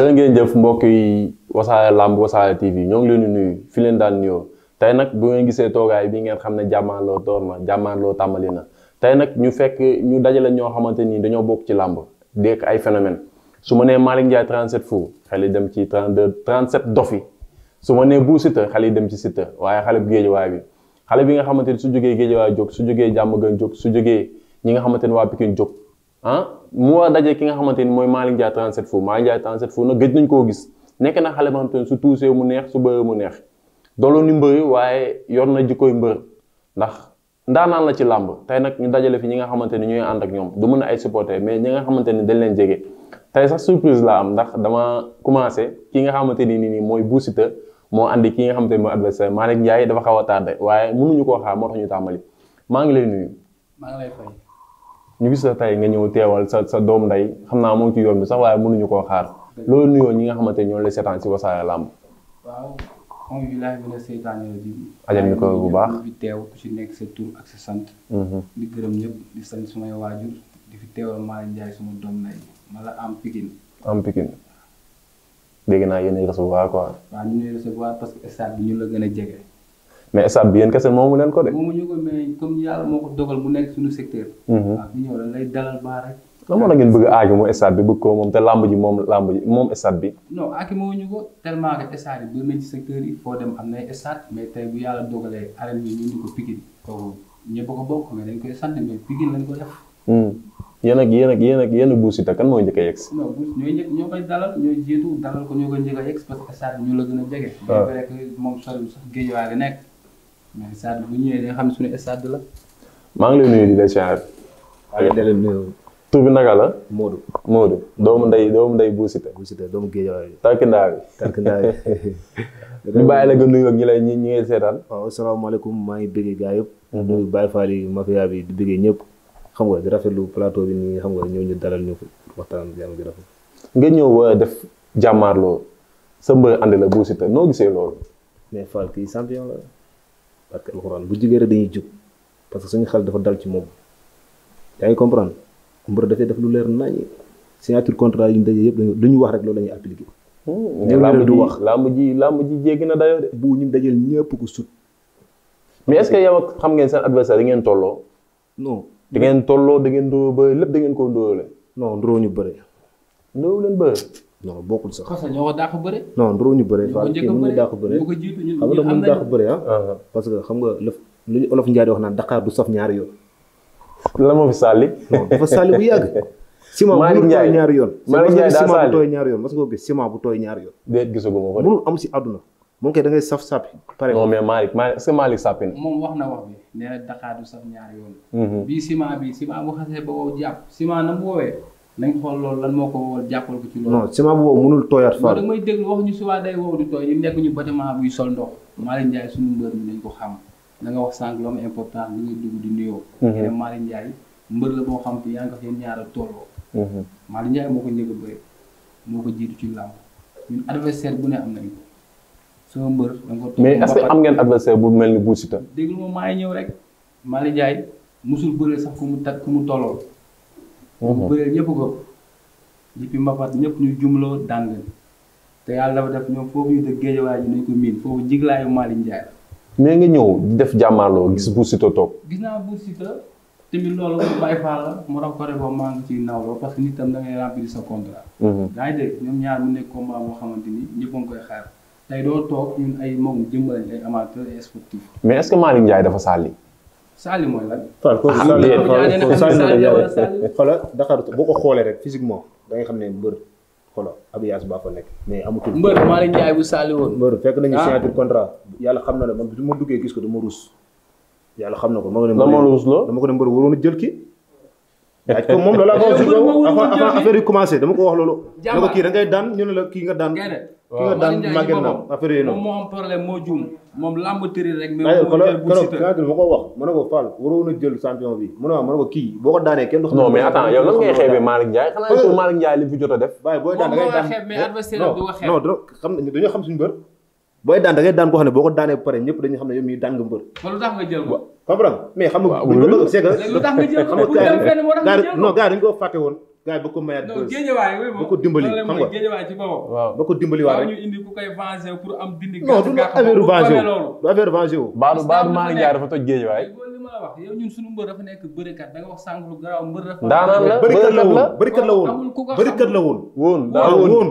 jërë ngeen jëf mbokk yi wasaare làmb wasaare TV ñoo ngi leen di nuyu fi leen daan nuyoo tey nag bu ngeen gisee toogaay bi ngeen xam ne jàmmaarloo door na jàmmaarloo tàmbali na tey nag ñu fekk ñu dajale ñoo xamante ni dañoo bokk ci làmb dégg ay phénomène su ma nee Malick Ndiaye 37 fou xel yi dem ci 32 37 dofi su ma nee Bou Siteu xel yi dem ci Siteu waaye xale bu géejawaay bi xale bi nga xamante ni su jógee géejawaay jóg su jógee jàmm gën jóg su jógee ñi nga xamante ni waa Pikine jóg ah mu war a daje ki nga xamante ni mooy Malick Ndiaye 37 fou Malick Ndiaye 37 fou nag gëj nañ koo gis nekk na xale ba xamante ni su tuusee mu neex su bëree mu neex dooloon ni mbër waaye yoon na jikkoy mbër ndax ndaanaan la ci làmb tey nag ñu dajale fi ñi nga xamante ni ñooy ànd ak ñoom du mën a ay supporter mais ñi nga xamante ni dañ leen jege tey sax surprise la am ndax dama commencé ki nga xamante ni nii mooy Bou Siteu moo andi ki nga xamante ni mooy adversaire Malick Ndiaye dafa xaw a tardé waaye mënuñu koo xaar moo tax ñu tàmbali maa ngi lay nuyu. ñu gis la tey nga ñëw teewal sa sa doom nday xam naa moom ci yoon bi sax waaye mënuñu koo xaar loolu nuyoo ñi nga xamante ñoo lay seetaan ci Wassare Lamb waaw ajal mi ko bu baax fi teew ku ci nekk sa tur ak sa sant mhm. di gërëm ñëpp di sant sumay waajur di fi teewal Malick Ndiaye suma doom nday mala am Pikine am Pikine dégg naa yéen ay recevoir quoi waaw ñu parce que stade bi ñu la gën a jege mais stade bi yéen kese moomu leen ko de. moomuñu ko mais comme yàlla moo ko dogal mu nekk suñu secteur. Mhm. waaw ñëw dalal baax rek. lan ko moom moom làmb ji ko tellement que stade bi bëri nañ ci secteur il faut dem am nay stade mais tey bu yàlla dogalee arène bi hmm. si. non Bou ñooy njëkk ñoo koy dalal ko ñoo koy njëkk a yegg parce que ñu la gën a jege. waaw ah. bu moom soriwul sax géej waa gi nekk mais stade bu la. maa ngi lay nuyu di la siyaar. maa ngi lay nuyu. la. Modou Modou. doomu ndey doomu ndey Bou Siteu. Bou Siteu doomu géej waaye. tarkindaa bi. tarkindaa bi. ñu bàyyi la nga nuyu ak ñi lay ñi ñi ngay seetaan. waaw asalaamaaleykum maa ngi bëggee gars yëpp. Mhm. nuyu Baye yi mafia bi di bëggee ñëpp. xam nga di rafetlu plateau bi nii xam nga ñëw ñu dalal ñu waxtaan jàmm bi rafet. nga ñëw euh, def jàmmaarloo sa mbër ànd la Bou Siteu noo gisee loolu. mais Fall kii champion la. parce que alxuraan bu jugee rek dañuy jug parce que suñu xel dafa dal ci moom yaa ngi comprendre mbër dafay def lu leer naññi signature contrat yi ñu daje yëpp dañu wax rek loolu la ñuy appliqué. ñoom hmm, du wax làmb ji làmb ji jéggi na dayoo de. bu ñu dajeel ñëpp ko sut. mais est-ce que yow ak xam ngeen seen adversaire da ngeen tolloo. noo da ngeen tolloo da ngeen doo ba lépp dangeen koo dóole. noo ndóo ñu bëre. ndóo leen bëre. non bokkul sax. parce que ñoo bëre. non a bëre nga mënu bëre ah? ah. parce que xam nga lëf lu ñu olof Njaay di wax naan Dakar du saf ñaari yoon. lan moo fi sàlli. non dafa sàlli ñaari yoon. Malick Ndiaye daa sàlli ciment bu tooy bu tooy ñaari yoon. déet si àdduna moom kay da ngay saf sàppi. pare non mais Malick sàppi na. moom wax na wax bi nee na du saf ñaari yoon. Mhm. bii ciment bi ciment bu xasee ba wow jàpp ciment na mu woowee nañ xool loolu lan moo ko woo jàppal ko ci loolu. non ciment bu wow mënul tooyaat faal. da may déglu waxuñu subaa day wow di tooy ñu nekk ñu bâtiment buy sol ndox Malick Ndiaye suñu mbër mi dañ ko xam da nga wax sànq loolu important li ngay di nuyoo. mais mhm. Malick Ndiaye mbër la boo xam te yaa ngi ko ñaar a tolloo. Mhm. Malick Ndiaye moo ko njëkk a moo ko jiitu ci làmb ñun adversaire bu ne am na ko sama mbër da ko. mais est que am ngeen adversaire bu mel ni Bou Siteu. déglu ma maa ngi ñëw rek Malick Ndiaye musul bëre sax ku mu tag ku mu tolloo bu bëree ñëpp ko depuis Mbapat ñëpp ñu jumloo daan leen te yàlla dafa def ñoom foofu ñu dëkk géejawaay ji nañ ko miin foofu jiglaayu Malick Ndiaye la. mais nga ñëw def jàmmaarloo gis Bou toog. gis naa Bou Siteu tamit loolu ko rek ba maa ngi ciy nawloo parce que nit tam da ngay remplir sa contrat. yaa ngi dégg ñoom ñaar mu nekk combat xamante ni ñëpp koy xaar tey doo toog ñun ay moom jëmbalañ ay amateur et sportif. mais est-ce que Malick dafa sàlli saali mooy lan. xoolal Dakartu boo ko xoolee da nga xam ne mbër xoolal Abiyas baa fa nekk mais amatul. mbër Malick Ndiaye bu saali woon. fekk nañu ah. signature contrat yàlla xam na la man bi ma duggee gis ko dama ruus yàlla xam na ko. lan moo ruus ko ne mbër waroon a jël ki laaj ko moom loolu avant su affaire yi commencé dama ko wax loolu. jàmbaar ne ko kii da daan ñu la kii nga daan. kii na affaire yi noonu. moom moo am problème moo juum moom làmb tëri rek. mais moo ko wax ma a jël bi mu ne ma kii boo ko daanee kenn du. non mais attends yow lan ngay xeebee Malick Ndiaye xanaa pour Malick Ndiaye li a def. waaye booy daan da ngay daan xam dañoo xam suñu mbër. booy koo xam ne boo ko daanee ba pare ñëpp dañuy xam ne yow mii daan nga mbër. comprendre mais xam nga buñ ko bëgg c'est que lu tax nga jël xam nga non gars dañ koo fàtte woon gars yi ba ko mayaat ba ko dimbali xam nga waaw ba ko dimbali waat rek ñu indi du affaire venger du affaire venger maa ngi jaar dafa toj géejawaay wax yow nekk bërikat da nga wax sànq lu garaaw mbër dafa bërikat la woon bërikat la woon bërikat la woon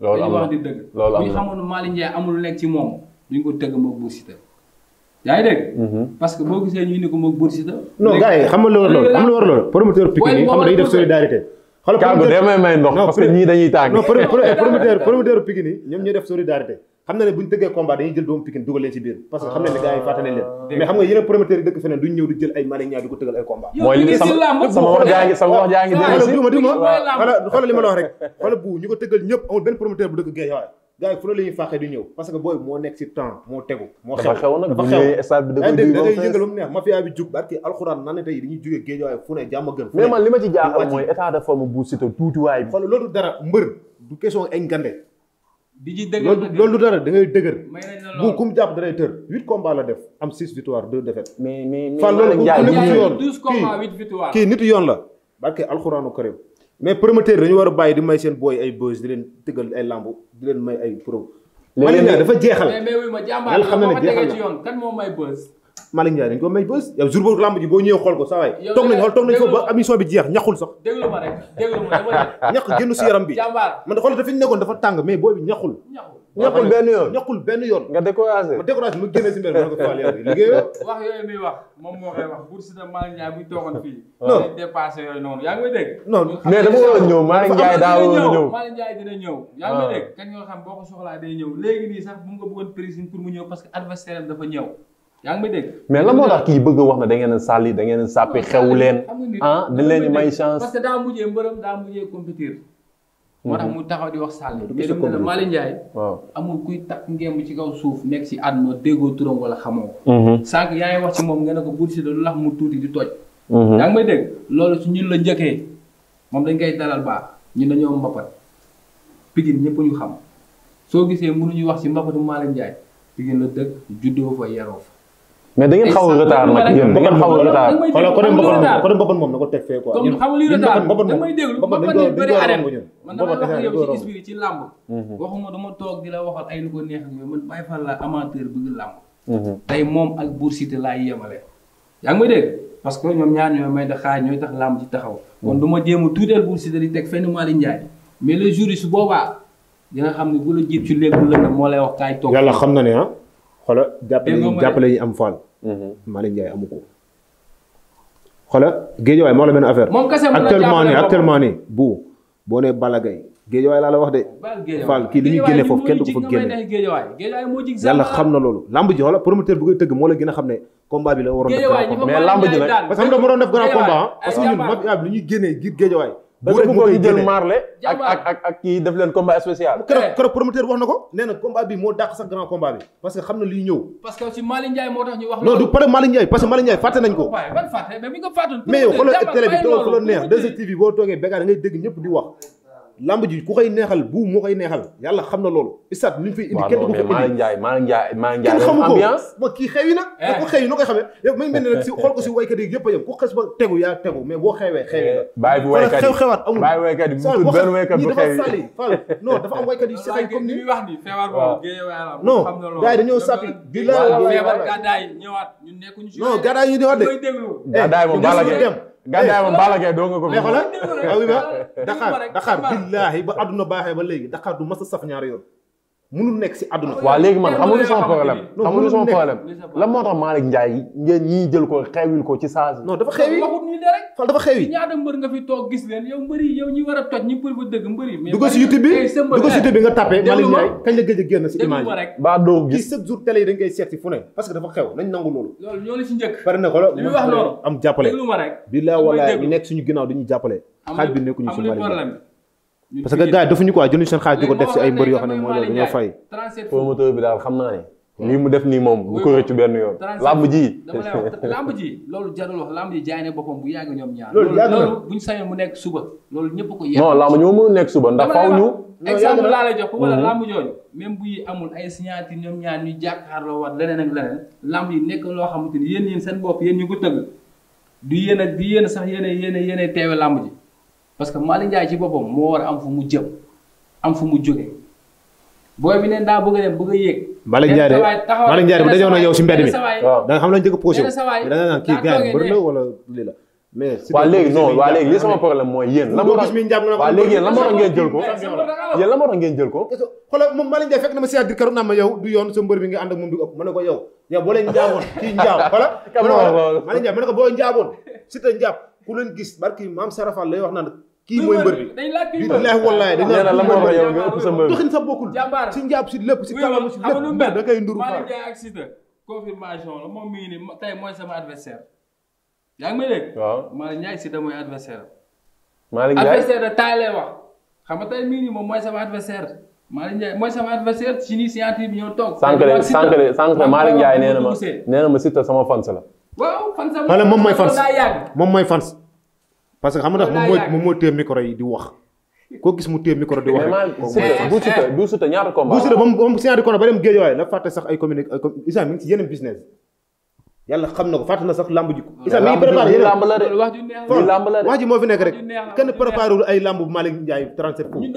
loolu am wax di dëgg. loolu am na bu ñu xamoon amul nekk ci moom duñ ko tëgg moog Bou Siteu. yaa ngi dégg. Mhm. parce que boo gisee ñu indi ko moog Bou Siteu. non gars xam nga loolu xam nga war loolu promoteur Pikine xam nga dañuy def solidarité. kàggu day may may ndox parce que ñii dañuy tàng. non promoteur promoteur Pikine yi ñoom ñooy def solidarité xam na ne bu ñu tëggee combat dañuy jël doomu Pikine dugal leen ci biir parce que xam na ne gars yi fàttali leen ah. mais xam nga yeneen promoteur yi dëkk feneen duñ ñëw di jël ay Malick Niang di ko tëggal ay combat mooy li sama wax jaa ngi ma la bi da koy da alxuraan naan ne tey dañuy jógee géej waaye fu ne jàmm gën mais man li ma ci jaaxal mooy état de forme bu Siteu tuutiwaay bi loolu dara mbër du question ay ngande di ci dëgër loolu dara da ngay dëgër. bu kum jàpp da lay tër huit combats la def am six victoires deux défaites. mais mais mais yoon kii nitu yoon la. barke alxuraanu karim mais promoteur dañu war a bàyyi di may seen booy ay buzz di leen tëggal ay lambu di leen may ay pro. léeg-léeg dafa jeexal. mais mais wuy ma jàmbaar xam na ne jeexal la kan Malick Ndiaye dañ ko may bës yow jour boobu lamb ji boo ñëwee xool ko sa waay toog bi jeex ma rek déglu ma dafa ñu nekkoon dafa tàng mais benn yoon nga découragé ma ko faal yow liggéey wax wax moom moo koy wax Bour Siteu Malick Ndiaye buñ toogoon fii non dépassé yooyu noonu yaa ngi may dégg non mais dama waroon ñëw Malick Ndiaye daa waroon ñëw Malick Ndiaye dina ñëw yaa ah. nga xam boo ko soxlaa day ñëw léegi nii sax mu nga bëggoon prise pour mu ñëw parce que adversaire dafa ñëw yaa ngi may dégg mais lan moo tax kii bëgg wax na da ngeen a sàlli da ngeen a xew leen ah dañ leen may chance parce que daa mujjee mbërëm daa mujjee compétir moo tax mu mhm. taxaw di wax sàlli te dem na Malick Ndiaye waaw amul kuy ci kaw suuf nekk si àdduna déggoo turam wala xamoo ko mhm. sànq yaa wax ci moom nga ne ko Boury Siteu lu tax mu tuuti di toj mhm. yaa ngi may dégg loolu su ñu la njëkkee moom dañ koy dalal baax ñun dañoo mbapat Pikine ñëpp ñu xam soo gisee mënuñu wax si mbapatu Malick Ndiaye Pikine la dëkk juddoo fa yaroo fa mais da ngeen xaw a retard nag yéen da ngeen xaw a retard wala ko dem boppam ko dem boppam moom na ko teg fee quoi comme xaw li retard da may déglu boppam dañ bëri arène man dama wax yow ci esprit ci làmb mhm. waxuma dama toog di la waxal ay lu ko neex ak man Baye Fall la amateur bëgg làmb mhm. tey moom ak Bour Siteu laay yemale yaa ngi may dégg parce que ñoom ñaar ñooy may da xaar ñooy tax làmb ci taxaw kon mhm. du ma jéem a tuuteel Bour Siteu di teg fenn Malick Ndiaye mais le jour yi su boobaa di nga xam ne bu la jiit ci léegi lu la moo lay wax kaay toog yàlla xam na ne ah xoolal jàppale ñu jàppale ñu am Fall. Mhm. Malick Ndiaye ko. xoolal Guédiawaye moo la benn affaire. moom kese actuellement nii actuellement nii bu boo nee Balla Gaye Guédiawaye laa la wax de. Fall kii li ñuy génne foofu kenn du ko fa génne. yàlla xam na loolu. lamb ji xoolal promoteur bu koy tëgg moo la gën a xam ne combat bi la waroon def. mais lamb ji nag parce que xam nga mënoon def grand combat parce que ñun mafia ah, bi li ñuy génnee ngir Guédiawaye bu rek mu koy jël marle ak ak ak kii def leen combat spécial. keroog eh. keroog promoteur wax na ko nee na combat bi moo dàq sax grand combat bi parce que xam na liy ñëw. parce du pare Malick parce que Malick fàtte nañ ko. waaye ban fàtte mais bi toog fu la neex 2STV boo toogee béykat da ngay dégg di wax. lamb ji ku koy neexal bu moo koy neexal yàlla xam na loolu. stade li ñu fay indi kenn du ko indi Malick Ndiaye Malick Ndiaye Malick Ndiaye kenn xamu ko ma kii xewi na da eh. ko xewi na koy xamee yow may mel ne rek si xool ko si waykat yi yëpp a yem ku xes ba tegu yaa tegu mais boo xewee xewi nga eh, bàyyi bu waykat yi xewaat amul bàyyi waykat yi bu benn waykat bu xewi dafa sali fall non dafa am waykat yu seexay comme ni wax ni feebar boobu non gars yi dañoo sàppi bi la feebar gàddaay ñëwaat ñu nekkuñu non gàddaay ñu ñëwaat de eh, gàddaay moom bala dem gàncax ba eh, Balla Gaye doo nga ko. léegi xoolal awi ba Dakar Dakar billaahi ba àdduna baaxee ba léegi Dakar du mas a saf ñaari yoon. mënul nekk si àdduna. waaw léegi man xamul lu sama problème xamul sama problème lan moo tax Malick Ndiaye ngeen jël ko xeewil ko ci saa si. non dafa xeewi a toj la a génn si gis chaque jour télé yi dañ koy seeti fu ne parce que dafa xew nañ nangu loolu. loolu ñoo la si njëkk. bari na ma rek. bi la wala ñu nekk suñu ginnaaw dañuy jàppale. xaaj bi nekkuñu suñu Malick parce que gars yi dafuñu quoi jëluñu seen xaalis di ko def si ay mbër yoo xam ne mooy mu def nii moom bu ko rëccu benn yoon. lamb ji loolu jarul wax lamb ji jaay mu nekk suba ndax faaw ñu. exemple laa lay jox ku wala mhm. lamb jooju même bu yi amul ay signature ñoom ñaar ñu jàkkaarloo war leneen ak leneen lamb yi nekk loo xamante ni yéen yéen seen bopp yéen ñu ko tëgg du yéen a du yéen sax yéen a teewe lamb ji parce que Malick a ci boppam moo war a am fu mu jëm am fu mu jóge booy bi neen daa bëgg a dem bëgg a yéeg. Malick Ndiaye de Malick Ndiaye na yow si mbedd mi waaw da waa léegi non waa léegi li jël ko yéen la moo tax ngeen na ma siyaat dir bi nga ànd ak moom du ëpp ma ne ko yow yow boo leen kii njaab ku leen gis barki maam Serafal lay wax naan kii mooy mbër bi billaahi yow nga ëpp sa mbër doxin sa bokkul si njàpp si lépp si si lépp da ak Siteu confirmation moom mi ngi adversaire yaa ngi may dégg waaw Malick Ndiaye Siteu mooy adversaire Malick Ndiaye adversaire da taay xam nga moom mooy sama adversaire Malick Ndiaye mooy sama adversaire si sànq de sànq ma nee sama fans la waaw fan sa moom mooy fans moom mooy fans parce que xam nga moom mooy moom moo téye micro yi di wax koo gis mu téye micro di wax rek bu Siteu bu Siteu ñaata combat bu Siteu moom moom si ñaari combat ba dem géej waaye la fàtte sax ay communique ay isa mi ngi ci yeneen business yàlla xam na ko fàtte na sax lamb ji ko isa mi ngi préparé yeneen lamb la moo fi nekk rek kenn préparé wul ay lamb bu Malick Ndiaye 37 coups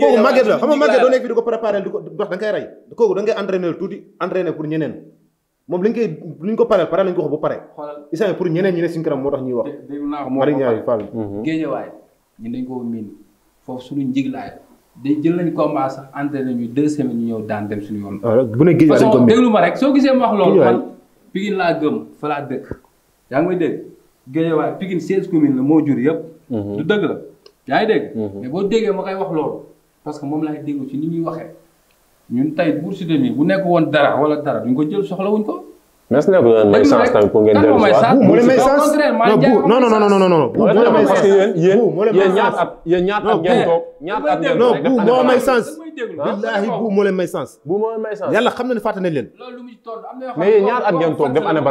kooku màgget la xam nga màgget doo nekk fi di ko préparé di ko dox da ngay rey kooku da ngay tuuti entraîner pour ñeneen moom lañ koy ko pareel pare lañ ko wax ba pare. xoolal isaan pour ñeneen ñi ne suñ kanam moo tax ñuy wax. dé dégg naa mhm. ko miin foofu suñu njiglaay day jël nañ combat sax entraîné ñu deux semaines ñu ñëw daan dem suñu yoon. waaw ah, bu ne géejewaay dañ ko miin ma rek soo gisee wax loolu. man Pikine laa fa laa dëkk. yaa ngi may dégg géejewaay Pikine seize communes la moo jur yëpp. Mhm. du dëgg la yaa ngi dégg. Mhm. mais boo déggee ma koy wax loolu parce que moom laay déglu ci ni ñuy waxee ñun tey Bou Siteu mi bu nekk woon dara wala dara duñ ko jël soxla wuñ ko. mais est-ce que nekkul may sens tamit pour ngeen dellu si mu may sens non non non moo may sens. billaahi moo leen may moo leen may xam na ne fàtte nañ leen. mais yéen ñaata at ngeen toog def année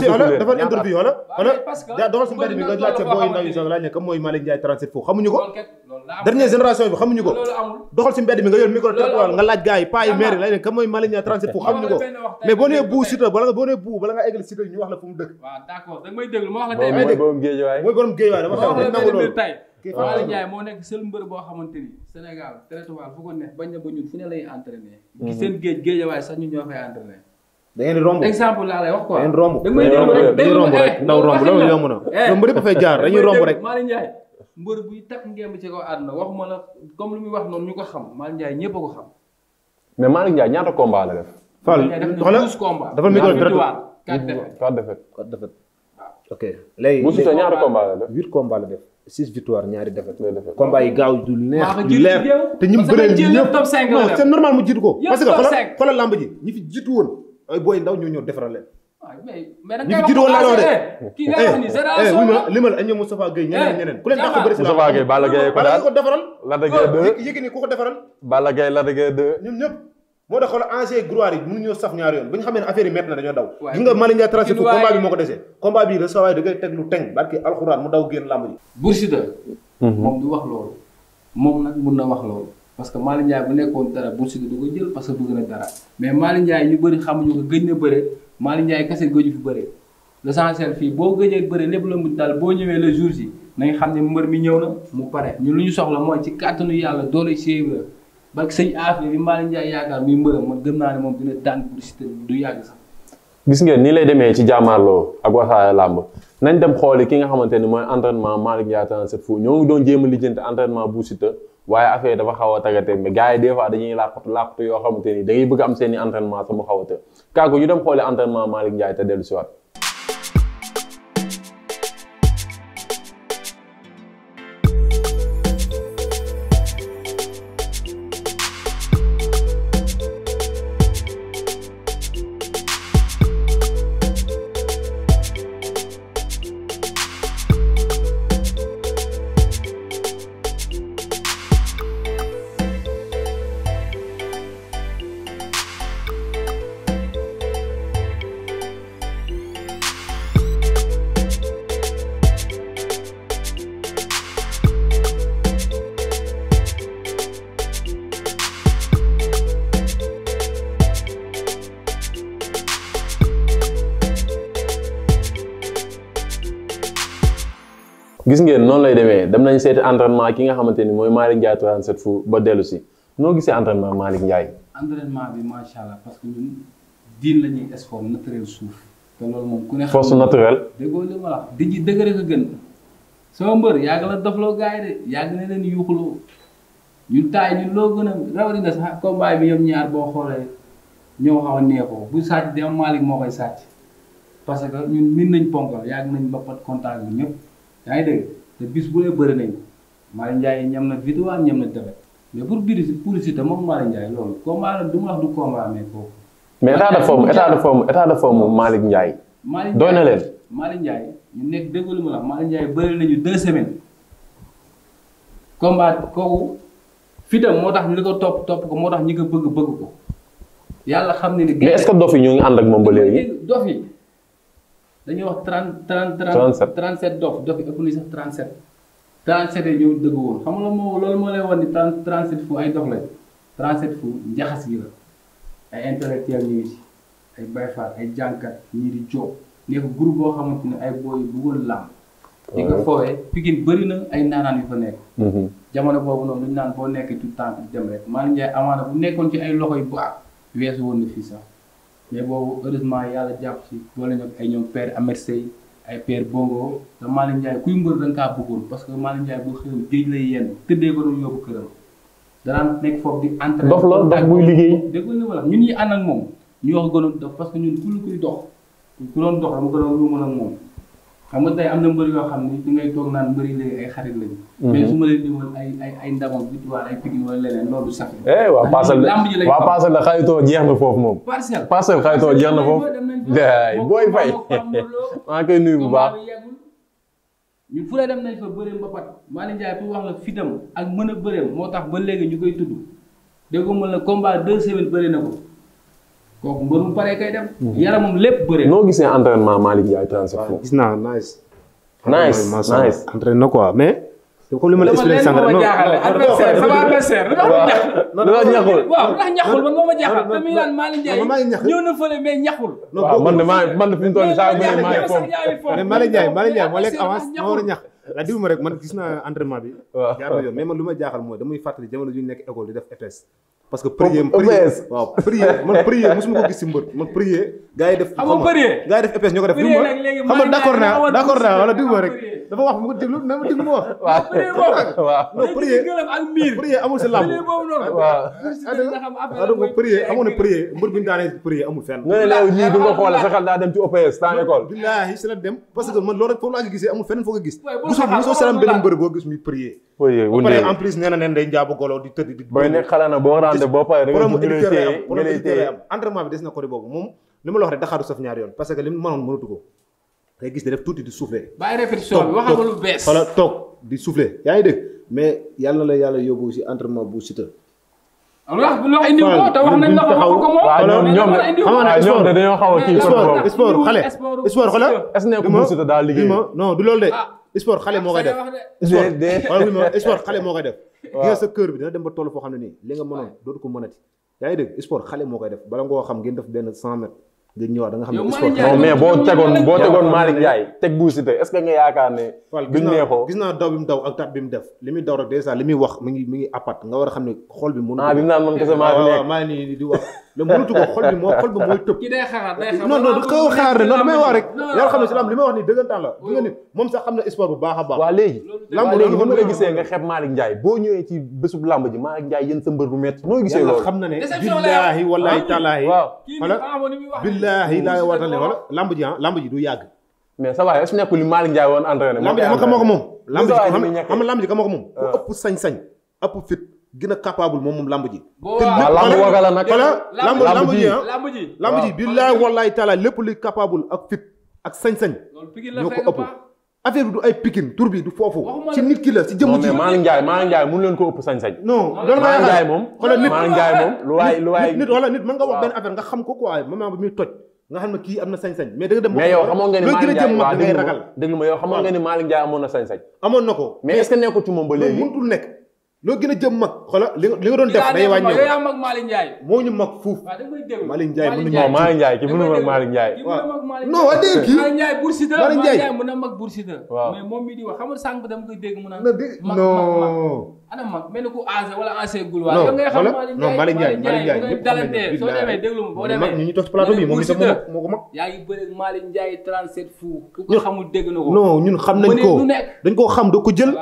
si wala dafa interview wala wala daa doxal si mbedd mi nga laajte yi sax laaj ne kan mooy ko. dernière génération bi xamuñu ko doxal ci mbedd mi nga yor micro trottoir nga laaj gars yi paa yi maire ne ka mooy Maligna 37 pour xamuñu ñu wax la fu mu dëkk waaw d'accord da nga may déglu ma dama xam nangu loolu tey Malick Ndiaye moo boo xamante ni Sénégal trottoir fu ko neex bañ na ba ñun mhm. sax ñun ñoo fay entraîné da ngeen romb exemple wax quoi da ngeen romb dañuy romb rek ndaw eh, eh, jaar dañuy romb rek mbër buy takk ngemb ci kaw àdduna waxuma la comme lu muy wax noonu ñu ko xam Malick Ndiaye ñëpp a ko xam. mais Malick Ndiaye ñaata combat la def. Fall xoolal dafa micro direct quatre défaites quatre défaites quatre défaites ok léegi bu ñaari combat la def huit combat la def six victoire ñaari défaite. combat gaaw du neex du leer te ñu bëree jiitu ko. parce que xoolal lamb ji ñi fi jiitu woon ay booy ndaw ñoo ñëw leen Ah, mais dañ koy wax eh, eh, eh, limal ay ñoom Moustapha Gueye ñeneen ñeneen ku leen dàq bëri Moustapha Gueye Balla Gaye ko daan ko defaral Balla Gaye 2 ku ko defaral Balla Gaye Balla Gaye 2 ñëpp moo tax xoolal ancien gloire yi mënuñoo saf ñaari yoon bu ñu xamee ne affaire yi métti na dañoo daw gi nga Malick Ndiaye tracé fu combat bi moo ko desee combat bi la sa waay da ngay teg lu teng barki alxuraan mu daw génn làmb ji Bou mhm. moom du wax loolu moom nag mun na wax loo parce que Malick Ndiaye bu nekkoon dara que bëgg na Malick Ndiaye kese gëju fi le l'essentiel fii boo gëjee bëre lépp la mu dal boo ñëwee le jour si nañ xam ne mbër mi ñëw na mu pare ñu lu ñu soxla mooy ci kàttanu yàlla doole séeréer ba sëñ affaire bi Malick yaakaar muy mbërëm man gën naa ne moom dina daan du yàgg sax. gis ngeen nii lay demee ci jàmmaarloo ak Wassare Lamb nañ dem xooli ki nga xamante ne mooy entraînement Malick Ndiaye 37 Fou ñoo ngi doon jéem lijjante lijjanti entraînement bu Siteu waaye affaire dafa xaw a tagate mais gars yi des fois dañuy làqatu làqatu yoo xamante ni da ngay bëgg am seen i entraînement sama xaw a të kaaku ñu dem xoole entraînement Malick Ndiaye te dellu si waat gis ngeen noonu lay demee dem nañ seeti entraînement ki nga xamante ni mooy Malick Ndiaye 37 fu ba dellu si noo gisee entraînement Malick Ndiaye. entraînement bi macha allah parce que ñun diin la ñuy suuf te loolu moom ku ne. force naturelle. déggoo li ma sama mbër yàgg la dofloo gars yi de yàgg na leen yuuxuloo loo gën a rawatina sax combat bi ñoom ñaar boo xoolee ñoo xaw a neexoo bu sàcc dem Malick moo parce que ñun min nañ ponkal yàgg nañ ba pat contact bi ñëpp. yaa ngi dégg te bis bu ne bëri nañ Malick Ndiaye ñam na victoire ñam na défaite mais pour biir pour Siteu moom Malick Ndiaye loolu combat la du ma Ndiaye. Malick Ndiaye doy na leen. Malick Ndiaye ñu nekk déglu ma la Malick Ndiaye bëri nañu deux semaines combat kooku fitam moo tax ñu ko topp topp ko moo tax ñi ko bëgg bëgg ko yàlla xam ne ni. mais est-ce dof yi ñoo ngi ànd ak moom ba léegi. dof yi. dañuy wax 30 30 30 37 dof dof yi ëpp nañu sax 37. 37 yi ñëw dëgg woon xam nga moo loolu moo lay wan ni 30 37 fu ay dof lañ 37 fu njaxas gi la ay intellectuel ñu ngi ci ay bayfaar ay jànkat ñii di jóob nekk groupe boo xamante ne ay booy yu bëggoon làmb. di ko foowee Pikine bëri na ay naanaan yu fa nekk. Mm-hmm. jamono boobu noonu lu naan boo nekk tout temps dem rek Malick Ndiaye amaana bu nekkoon ci ay loxo bu baax weesu woon na fii sax. mais boobu heureusement yàlla jàpp si boole ñoom ay ñoom père Amersey ay père Bongo te Malick Ndiaye kuy mbër da nga kaa parce que Malick Ndiaye bu xëyoon géej lay yenn tëddee ko doon yóbbu këram danaan nekk foofu di entraîné. dox la dof buy liggéey. dégg nga wala ñun ñuy ànd ak moom ñu wax gënoon dof parce que ñun ku lu koy dox ku doon dox dama gënoon lu mën ak moom. xam nga tey am na mbër yoo xam ne di ngay toog naan mbëri léegi ay xarit lañu. Mhm. mais su ma leen di woon ay ay ay ndamam bi wala ay pigin wala leneen loolu sax. Eh, waa parcelle la waa jeex na foofu moom. parcelle parcelle xaritoo jeex na foofu. booy fay maa ngi koy nuyu bu baax. ñu fu la dem nañ fa bëreem ba pat Malick Ndiaye pour wax la fitam ak mën a bëreem moo tax ba léegi ñu koy tudd dégg nga mën la combat deux semaines bëri na ko. kooku mhm. lépp bëree. noo gisee entraînement Malick Ndiaye gis naa nice. nice nice entraîné na quoi mais. comme li ma la expliqué sànq rek non non ma jaaxal man naan Malick Ndiaye ñëw na fële mais ñaxul. waaw man de maa man de fi mu toll saa yu bëri maa ngi foofu. mais Malick moo lekk avance moo war a ñax. la diw ma rek man gis naa entraînement bi. jaar na yoon mais man lu ma jaaxal mooy damay fàttali jamono ju nekk école di def EPS parce que prier prier waaw prier man prier ko gis si mbër man prier. gars def xam nga prier gars def EPS ñoo ko def. prier nag naa d' naa wala déglu rek. dafa wax mu déglu na ma déglu si làmb. waaw mbër boo gis muy prier mooy yooyu wute en plus nee na leen day njaabu golo di tëdd di. booy nekk xalaat na boo rende boo pare da nga ñu entraînement bi des na ko di boobu moom li ma la wax rek daxaatu saf ñaari yoon parce que li mu mënoon mënatu ko day gis da def tuuti di soufflé. bàyyi répétition bi waxal lu bees wala toog di soufflé yaa ngi dégg mais yàlla la yàlla yóbbu si entraînement bu Siteu. wax loo indi ko te wax nañ la ko ko moom. waaw ñoom ñoom ah, dañoo xaw a kii sport sport xale sport xale. est-ce que nekkul Siteu daal liggéey non du loolu de. Ah. sport xale moo koy def sport xale moo koy def gi nga sa kër bi dina ba toll foo xam ne nii li nga mënoon dootu ko mënati yaa ngi dégg sport xale moo koy def bala nga koo def benn cent mètres nga ñëwaat da nga xam ne sport non mais boo tegoon boo gis naa daw bi mu daw ak tat bi mu def li muy daw rek dèjà li muy wax mi ngi mi ngi apat nga war a xam ne xool bi mun ah bi mu naan man kese maa fi nii di wax mais mënatu ko xol bi moo xol bi mooy tëb. ki day xaar day xaar non non koo xaar non damay wax rek. yàlla xam ne si lamb li may wax nii dëggantaan la. bu nga nit moom sax xam bu baax a baax. waaw léegi lamb léegi mën boo ñëwee ci bésub lamb ji Malick Ndiaye yéen sa mbër bu métti. noo na ne. billaahi ah. wallaahi taalaahi. waaw lamb ji ah lamb du yàgg. mais ça va est-ce que nekkul woon entraîné. lamb ji xam nga moo ko moom. lamb ji xam nga moom. Ah. ëpp sañ-sañ ëpp fit gën a moom moom lamb ji. te lépp wagala nag lamb ah. lamb ji lamb ji lamb lépp luy capable ak fit ak ko ëpp affaire bi du foofu. ci nit ki la ci jëmm ji. non mais Malick Ndiaye Malick Ndiaye mënu leen ko ëpp sañ nit wala nga wax benn affaire nga xam ko quoi moment bi muy toj. nga xam ne kii am na sañ-sañ mais da dem ma dégg nga ma yow xamoon nga ni Malick amoon na sañ-sañ. amoon na ko mais est-ce que ci moom ba léegi mëntul nekk loo gën a jëm mag xoolal li nga doon def day wàññeeku yow yaa mag Malick Ndiaye moo ñu mag fuuf Malick Ndiaye na non Malick Ndiaye ki mënu mag Malick Ndiaye non waa kii Malick Ndiaye Bour Siteu a mag Bour Siteu mais moom mi di wax xam nga sànq dama koy dégg mu naan non ana mag mel ni ku âgé wala ancien gul waa yow ngay xam Malick Ndiaye Malick Ndiaye ñëpp moo ko mag yaa ko xamul dégg nañ ko dañ koo xam doo ko jël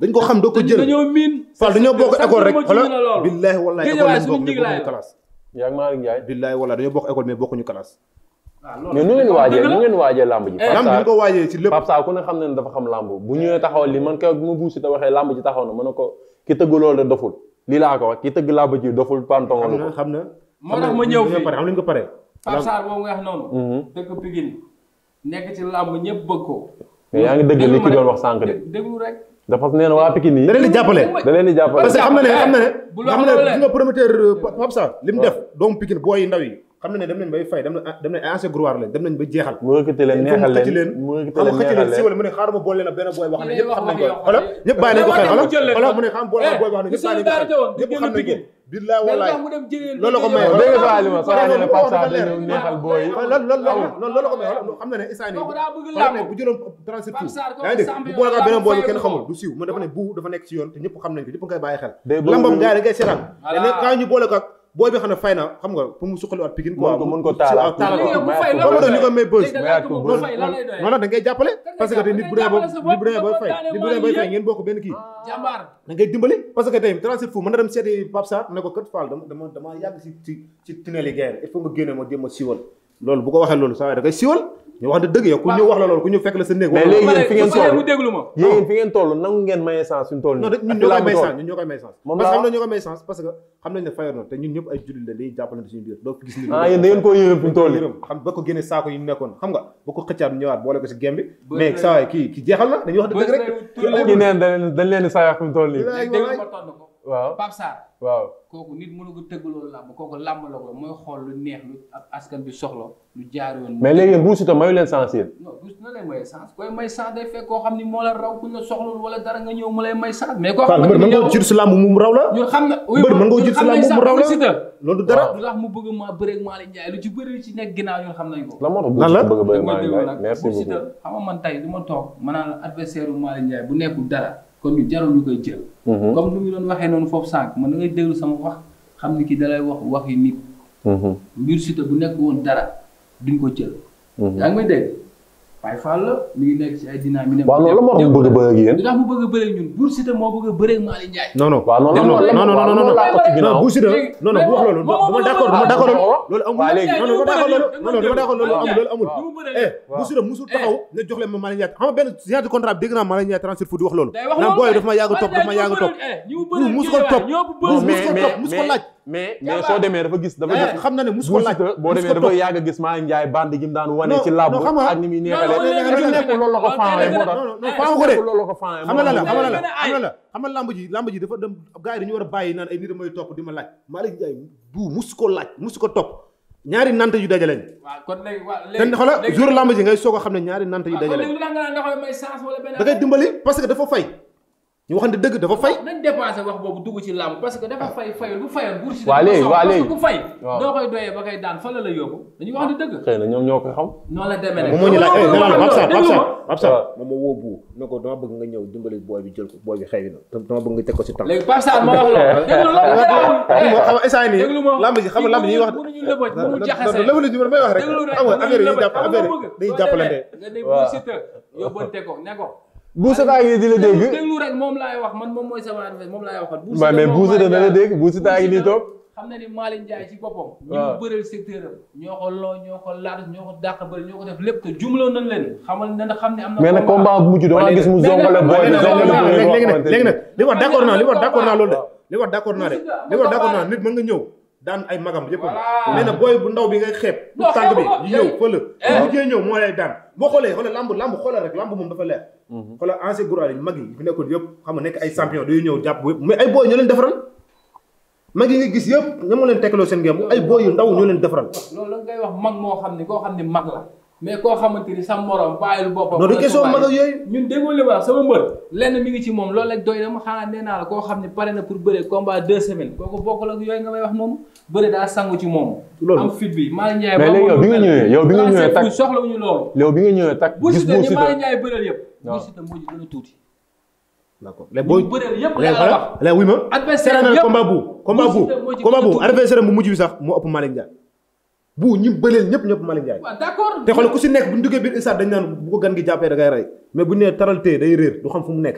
dañ ko xam doo ko jël dañoo miin Fall dañoo bokk école rek xoolal billaahi wallaahi bokk ñu bokkuñu mais bokkuñu classe Ah, mais nu ngeen waajee nu ngeen waajee làmb ji eh, lamb bi ñu ko waajee ci lépp Pape Sarr ku ne xam ne dafa xam làmb bu ñëwee taxaw li man kay bi ma buusi te waxee làmb ji taxaw na mën na ko ki tëgg loolu de doful lii laa ko wax ki tëgg làmb ji xam na ma ñëw fii pare ko pare Pape Sarr boobu nga wax noonu mhm. dëkk làmb ñëpp bëgg ko mais ngi dëgg li ki sànq de déglu rek dafa nee na waa Pikine yi da leen jàppale da leen di jàppale parce xam na ne xam na ne eh, xam nga promoteur euh, Pape Sarr li mu def doomu Pikine yi ndaw yi xam na ne dem nañ bay fay dem nañ ay jeexal mu yëkkati leen neexal leen mu yëkkati leen leen mu ne xaaruma boole na ne ñëpp xam boole na booy wax boole kenn xamul du siiw man dafa ne bu dafa nekk ci yoon te ñëpp xam nañ ko ñëpp ngay bàyyi xel lambam gars yi da ngay seetaan ne ñu boole ko boo bi xam ne fay na xam nga pour mu suqali waat Pikine. waaw mën ko taalaat ko ñu nit bu dee ba fay nit bu dee ba fay ngeen bokk benn kii. Ah. jàmbaar dimbali parce transit fu mën na dem seeti Pape Sarr ne ko kat Fall dama dama yàgg ci ci ci tunnel yi guerre il nga génne ma jéem a siwal loolu bu ko waxee loolu saa da ngay siwal ñu wax dëgg yow ku ñu wax la loolu ku ñu fekk la sa néeg. mais fi ngeen toll nangu ngeen may sens ñun ñoo koy may sens parce que xam na ñoo koy may yërëm ba ko génne saako yu nekkoon xam nga ba ko xëccaat ñëwaat boole ko si gem mais saa waay kii kii jeexal na dañuy wax dëgg rek ki neen dañ leen saayax suñu toll nii waaw Pape waaw kooku nit mënu ko tëggaloo làmb kooku làmb la ko mooy xool lu neex lu ak askan bi soxla lu jaar yoon. mais léegi Bou Siteu mayu leen sens yéen. non koo xam ni moo la raw ku la soxla wala dara nga ñëw mu lay may sens. mais ne mbër mën nga ko jiitu si làmb mu raw la. ñun xam na mbër mën nga ko jiitu si làmb mu bëgg maa bëreeg maa leen lu ci bëri ci nekk ginnaaw ñun xam nañ ko. lan moo tax bëgg bëgg maa leen jaay merci beaucoup man tey du ma toog ma naan adversaire bu bu nekkul dara kon ñu jarul ñu koy jël. Mhm. comme nu mu doon waxee noonu foofu sànq man na ngay déglu sama wax xam ni kii dalay wax waxi nit. Mhm. mbir Siteu bu nekk woon dara duñ ko jël. Mhm. yaa ngi may dégg. Baye Fall la mi ngi nekk loolu moo tax mu bëgg a bëre ak yéen. ndax a moo bëgg a bëre ak Malick Ndiaye. non non bu wax loolu dama d'accord dama d'accord loolu loolu amul loolu amul. eh taxaw eh. ne jox ma Malick Ndiaye xam nga benn signature contrat dégg naa Malick Ndiaye fu di wax loolu. naan booy dafa ma yàgg a topp dafa ma yàgg a topp. musu musu ko topp musu ko laaj mais mais soo demee dafa gis dafa eh, gis xam na ne musu ko laaj boo demee dafa yàgg gis maa njaay band gi mu daan wane ci làmb ak ni muy neexalee nekk eh, dem gars yi war a bàyyi naan ay nit may topp di ma laaj Malick Ndiaye du musu ko laaj ko topp ñaari nant yu dajaleñ. waaw kon léegi waaw léegi te xoolal jour làmb ji ngay soog a xam ne ñaari nant yu dajaleñ. da ngay dimbali parce que dafa fay ñu waxante dëgg dafa fay. nañ dépassé wax boobu dugg ci làmb que dafa fay fay lu fayoon. waa léegi waa léegi bu fay. doo koy doyee ba koy daan fa la la yóbbu. dañu waxante dëgg. na ñoom ñoo ko xam. noonu la demee nag moom ñu laaj eh naan Absa Absa ko dama bëgg nga ñëw dimbali booy bi jël ko booy bi xëy na dama bëgg nga teg ko si temps. léegi Pape Sarr moo wax la déglu ma xam nga déglu ma lamb ji xam nga lamb ji wax mënuñu lëbëj yóbbante ko ne ko Boucher taa ngi nii di la dégg déglu rek moom laay wax man moom mooy sama adversaire moom laay waxat. Boucher mais Boucher dana la dégg Boucher taa ngi nii toog. xam na ni Malick Ndiaye ci boppam. ñi mu bëreel secteur am. ñoo ko loo ñoo ko laat ñoo ko dàq bëri ñoo ko def lépp te jumloo nañ leen xamal na xam ne am na. mais nag combat bu mujj dama gis mu zongale booy bi zongale booy bi léegi nag léegi nag li wax d'accord naa li wax d'accord naa loolu de li wax d'accord naa de li wax d'accord naa nit mën nga ñëw daan ay magam yëpp a nee na booy bu ndaw bi ngay xeeb bu tàng bi ñëw fële eh. bu mujjee ñëw moo lay daan boo xoolee xoolee lamb lamb xoola rek lamb moom dafa leer mhm. xoolal ancien gouraal yi mag yi fi yëpp xam nga nekk ay champion day ñëw jàpp yëpp mais ay booy ñoo leen defaral yi nga gis yëpp ña moo leen tekkaloo seen ngëm ay booy yu ndaw ñoo leen defaral loolu la ngay wax mag moo xam ne koo xam ne mag la mais koo xamante ni sa morom bàyyil boppam. non du question mag ak yooyu. ñun déggoo li wax sama mbër. lenn mi ngi ci moom loolu la doy na ma xanaa la koo xam ne pare na pour bëre combat deux semaines kooku bokkul ak yooyu nga may wax moom bëre moom. loolu am fit bi Malick Ndiaye. mais léegi bi nga ñëwee yow bi nga ñëwee takk soxlawuñu loolu. yow bi nga ñëwee takk gis Bou Siteu bu Siteu ñi tuuti. d' accord léegi booy bëreel yëpp laa la bu combat bu combat bu adversaire bu mujj bi sax moo ëpp Malick bu ñu bëreel ñëpp ñëpp Malick Ndiaye. waaw d'accord te xool ku si nekk bu ñu duggee biir ISRA dañ naan bu ko gan gi jàppee da rey mais bu nee taral day réer du xam fu mu nekk.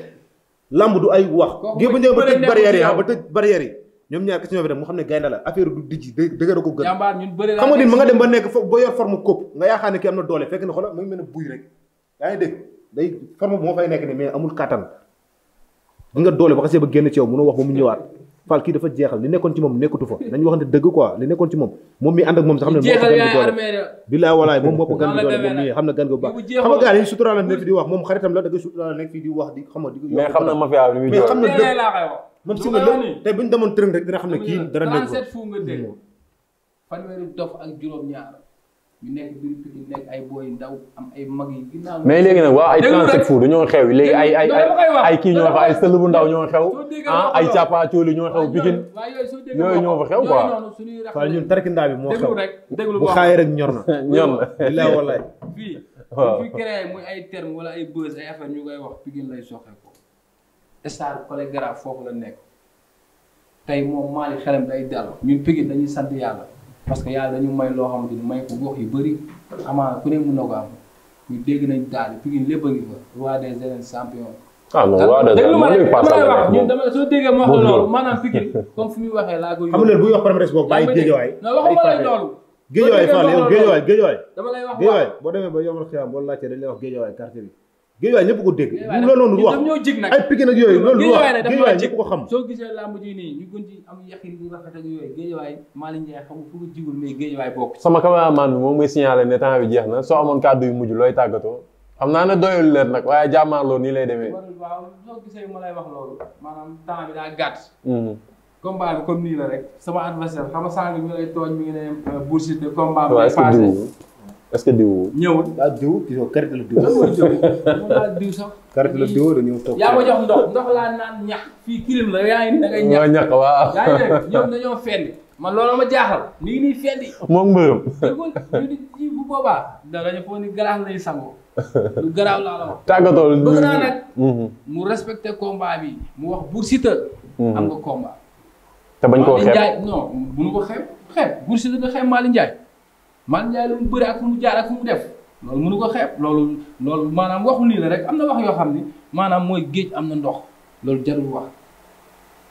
lamb du ay wax. kooku ba tëj ah, barrière yi ñoom ñaar question bi dem mu xam ne gaynde la affaire du dijji dëgër ko gën. jàmbaar ma nga dem ba nekk fo ba yor forme kóob nga yaakaar ne am na doole fekk na xoolal mu ngi mel yaa ngi dégg day forme bu moo fay nekk ni mais amul kattan. di nga doole ba xasee ba génn ci yow Fall kii dafa jeexal li nekkoon ci moom nekkatu fa dañu wax ne dëgg quoi li nekkoon ci moom moom mi ànd ak moom sax xam ne moo ko gan moom moom na gan gi bu baax xam moom xam nga di man si nga lépp tey ñu demoon tërën rek dina xam ne kii dara nekk fanweeri ay booy ndaw ay mag yi mais léegi nag waa ay transit food ñoo xew léegi ay ay ay kii ñoo xew ay sël bu ndaw ñoo xew ah ay càppa cooli ñoo xew Pikine yooyu ñoo fa xew quoi waaw ñun tarkindaa bi moo xew bu xaay rek ñor na ñor na bilaay wallaay fii fi ay terme wala ay buzz ñu ngay wax Pikine lay soxe ko star chorégraphe foofu la nekk tey moom maali xelam day dal ñun Pikine dañuy sant yàlla parce que yàlla dañu may loo xamante ni may ko gox yu bëri amaana ku ne mën na ko am ñu dégg nañ daal Pikine lépp a ngi fa roi des arènes champion. Ah roi des arènes soo déggee ma wax loolu maanaam Pikine comme fu muy waxee laa koy. xam nga bu ñu wax palmarès boobu bàyyi géejawaay. non waxuma la loolu. géejawaay Fall yow géejawaay géejawaay. dama lay wax waaw boo demee ba yombal xibaar boo laajtee dañ lay wax géejawaay quartier bi géejawaay ñëpp ko dégg. loolu noonu du wax ñoo jig nag ay piqué nag yooyu loolu du wax géejawaay ñëpp ko xam. soo gisee làmb ji nii ñu gën ci am yaqin bu rafet ak yooyu géejawaay Malick Ndiaye xam nga fu ko jigul mais géejawaay bokk sama cameraman bi moom muy signalé ne temps bi jeex na soo amoon kàddu yu mujj looy tàggatoo xam naa ne doyul leen nag waaye jàmmaarloo nii lay demee. waaw soo gisee ma lay wax loolu maanaam temps bi daa gàtt. Hmm. combat bi comme nii la rek sama adversaire xam nga sànq mi ngi lay tooñ mi ngi ne euh, bourse de combat bi passé parce que diw. ñëwul ah diw soo karite diw. yaa ma jox ndox ndox laa naan ñax fii kilim la yaa ngi da ngay ñax ñax yaa ngi nii fendi. moom mbërëm. ñu di bu boobaa. da foog ni garaaw lay sangoo. lu garaaw laa la wax. tàggatoo mhm. mu respecté combat bi. mu wax Bou mhm. am nga combat. te bañ koo xeeb Malick ko xeeb xeeb Bou man Ndiaye lu mu bëri ak fu mu jaar ak fu mu def loolu mënu ko xeeb loolu loolu maanaam waxu nii la rek am na wax yoo xam ne maanaam mooy géej am na ndox loolu jarul wax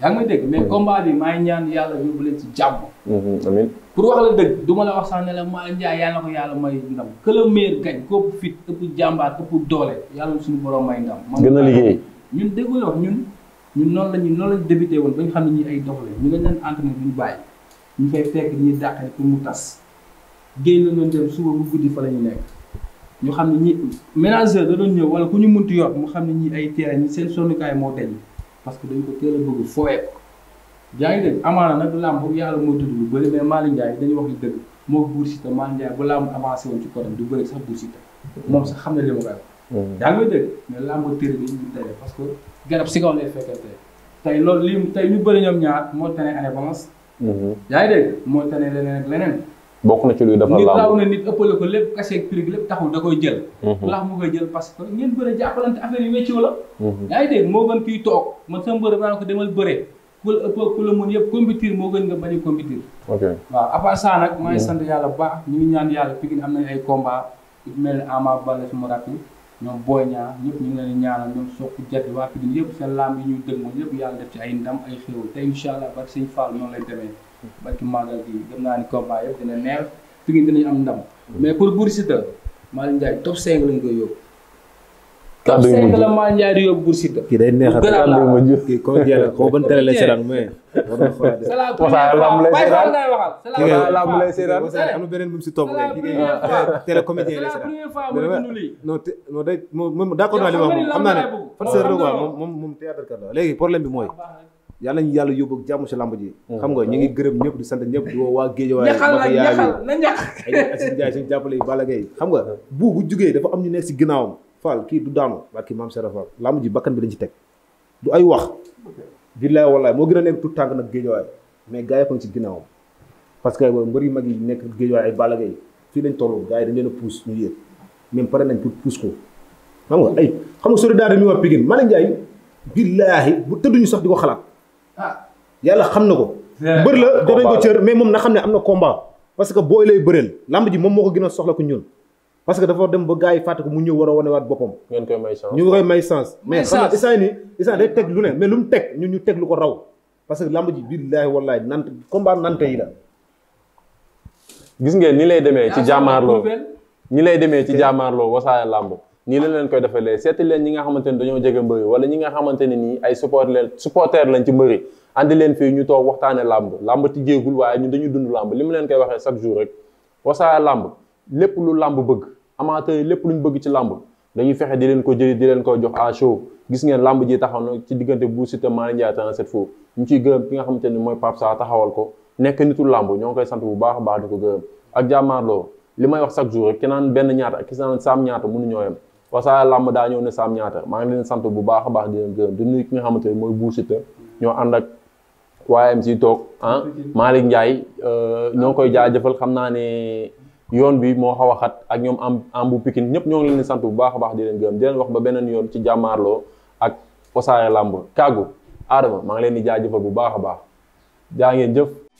yaa ngi may dégg mais mm-hmm. combat bi maay ñaan yàlla yóbbu leen ci jàmm. Mm-hmm, pour wax dëgg du ma la wax sax ne la maa yàlla ko yàlla may ndam que le meilleur ko fit ëpp jàmbaar ëpp doole yàlla suñu borom may ndam. gën a liggéey ñun déggu la wax ñun ñun noonu la ñu noonu la ñu débuté woon ba ñu xam ne ñi ay doxle ñu nga leen entraîné duñu bàyyi ñu fekk ñuy dàqale pour mu tas génn doon dem suba bu guddi fa la ñu nekk ñu xam ne ñi ménageur da doon ñëw wala ku ñu munti yor mu xam ne ñi ay terrain ñi seen sonnukaay moo deñ parce que dañ ko teel a bëgg fooyee ko yaa ngi dégg amaana nag làmb yàlla moo tudd lu bëri mais Malick Ndiaye dañu wax li dëgg moo Bour Siteu Malick Ndiaye moom sax xam ne li ma koy wax yaa ngi dégg mais làmb tëri bi daje parce que garab si kaw lay fekkee tey tey loolu li tey ñu bëri ñoom ñaar moo tane année balance mm-hmm. yaa ngi moo tane leneen bokk na ci luy defar làmb nit raw na ko lépp kase ak lépp taxul da koy jël. ndax mhm. mu koy jël parce que ngeen bëre jàppalante affaire yi wéccoo la. Mhm. yaa ngi ko demal bëre ku la ëpp ku la mun yëpp compétir moo gën nga bañ a compétir. ok waaw à part nag. maa ngi mhm. sant yàlla bu baax ñu ngi ñaan yàlla Pikine am nañ ay combat mel ne Ama Baldé suma rakk yi ñoom Boy Niang ñëpp ñu ngi leen ñaanal ñoom soog jat waa Pikine yëpp seen làmb yi ñuy dëgg moom yëpp yàlla def ci ay ndam ay xéwal te incha allah ba barki màggal gi gëm naa ni mais pour Bou Siteu Malick Ndiaye top 5 lañ koy yóbbu. top 5 la Malick Ndiaye di yóbbu Bou Siteu. kii day neexal kàddu ma jëf la seetaan mais. Wassare Lamb lay seetaan Wassare Lamb beneen bu mu si topp rek. télé comédien lay seetaan naa li naa ne fan seer la la léegi problème bi mooy ah, yàlla nañu yàlla yóbbu ak jàmm si lamb ji mm. xam nga ñu ngi gërëm ñëpp di sant ñëpp di woo waa géej waaye ñaxal la ñaxal na xam nga mm. bu bu jugee dafa am ñu nekk si ginnaawam faal kii du daanu waa kii maam Serafal lamb ji bàkkan bi lañ ci teg du ay wax billaay wallaay moo gën a nekk tout tànk géej waaye mais gars yi ko ngi parce que mbër yu mag yi nekk géej waaye ay Balla Gaye fii lañ toll gars yi dañ leen a pousse ñu yéeg même pare nañ pour pousse ko xam nga ay xam nga solidarité mi waa Pikine Malick Ndiaye billaahi bu tëdduñu sax di ko xalaat Ah. yàlla xam na ko. mbër la danañ ko mais moom na xam ne am na combat. parce que booy lay bëreel lamb ji moom moo ko gën a soxla ko ñun. parce que dafa dem ba gars yi fàtte ko mu ñëw war a wanewaat boppam. ñu koy may chance koy may chance. mais xam nga isaan ni day teg lu ne mais lu mu teg ñu ñu teg lu ko raw. parce que lamb ji billaahi wallaahi nant combat nante yi la. gis ngeen ni lay demee ci jàmmaarloo ni lay demee ci jàmmaarloo wasaare lamb nii la leen koy defalee seeti leen ñi nga xamante ni dañoo jege mbëri wala ñi nga xamante ne nii ay support leen lañ ci mbëri andi leen fii ñu toog waxtaane làmb làmb ti jéegul waaye ñun dañuy dund làmb li mu leen koy waxee chaque jour rek Wassare làmb lépp lu làmb bëgg amateur yi lépp luñ bëgg ci làmb dañuy fexe di leen ko jëli di leen ko jox à chaud gis ngeen làmb ji taxaw na ci diggante Bou Siteu Malick Ndiaye 37 foofu ñu ciy nga xamante ni mooy Pape Sarr taxawal ko nekk nitul làmb ñoo ngi koy sant bu baax a baax di ko gërëm ak jàmmaarloo li may wax chaque jour rek benn ñaata ak ki naan ñaata mënuñoo yem Wassare Lamb daa ñëw ne Sam ñaata maa ngi leen sant bu baax a baax di leen gërëm di nuyu ki nga xamante ne mooy Bou Siteu ñoo ànd ak waaye am si toog ah Malick Ndiaye euh, ñoo koy jaajëfal xam naa ne yoon bi moo xaw a xat ak ñoom am am bu Pikine ñëpp ñoo ngi leen di sant bu baax a baax di leen gërëm di leen wax ba beneen yoon ci jàmmaarloo ak Wassare làmb kàggu Adama maa ngi leen di jaajëfal bu baax a baax jaa ngeen jëf.